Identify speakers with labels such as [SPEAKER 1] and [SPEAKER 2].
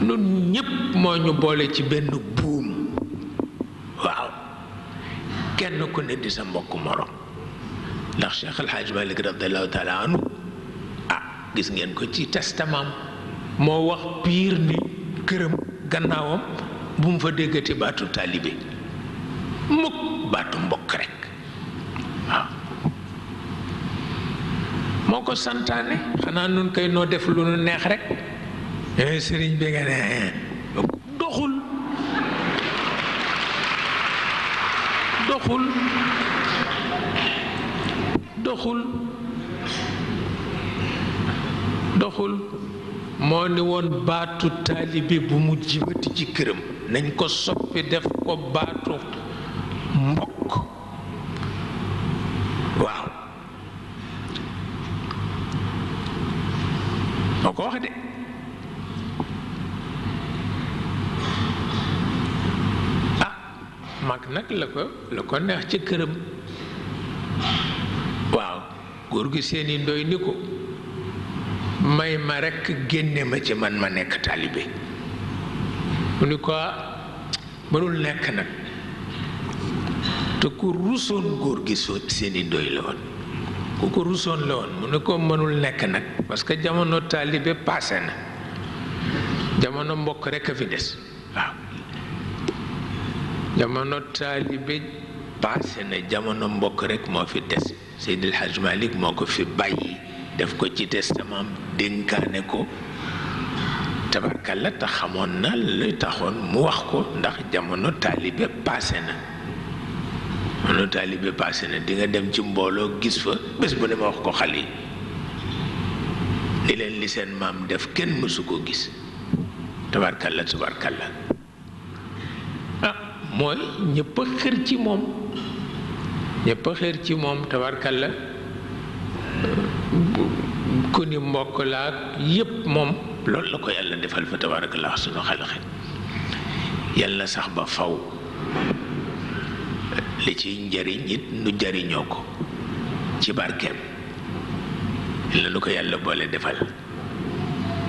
[SPEAKER 1] nun ñépp moo ñu boole ci benn buum waaw kenn ku ne di sa mbokk morom ndax Cheikh El Hadj Malick radiallahu ah gis ngeen ko ci testament moo wax piir ni këram gannaawam bu mu fa déggati baatu taalibe mukk baatu mbokk rek waaw moo ko santaane xanaa nun kay noo def lu nu neex rek yooyu eh, sëriñ bi nga ne eh, doxul doxul doxul doxul moo ni woon baatu taalibi bu mu jibati ci këram nañ ko soppi def ko baatu mbokk waaw moo ko wax de nag la ko la ko neex ci këram waaw góor gi seeni ndoy ni ko may ma rekk génne ma ci man ma nekk taalibe mu ni ko ah, mënul nekk nag te ku rusoon góor gi seeni ndoy la woon ku ko rusoon la woon mu ni ko mënul nekk nag parce que jamono taalibe paase na jamono mbokk rekk a fi des waaw jamano taalibe paase na jamono mbokk rek moo fi des Seydil Hadj Malick moo ko fi bàyyi def ko ci testament dénkaane ko tabarkalla te xamoon na luy taxoon mu wax ko ndax jamono taalibe paase na jamono di nga dem ci mbooloo gis fa bés bu ne ma wax ko xale yi ni leen li seen maam def kenn mësu ko gis tabarkalla tabarkalla mooy ñëpp a ci moom ñëpp a xër ci moom tabarkalla ku ni mbokk laa yépp moom loolu la ko yàlla defal fa tabarakallaa sunu xalaxe yàlla sax ba faw li ci njariñ it nu jariñoo ko ci barkeem la nu ko yàlla boole defal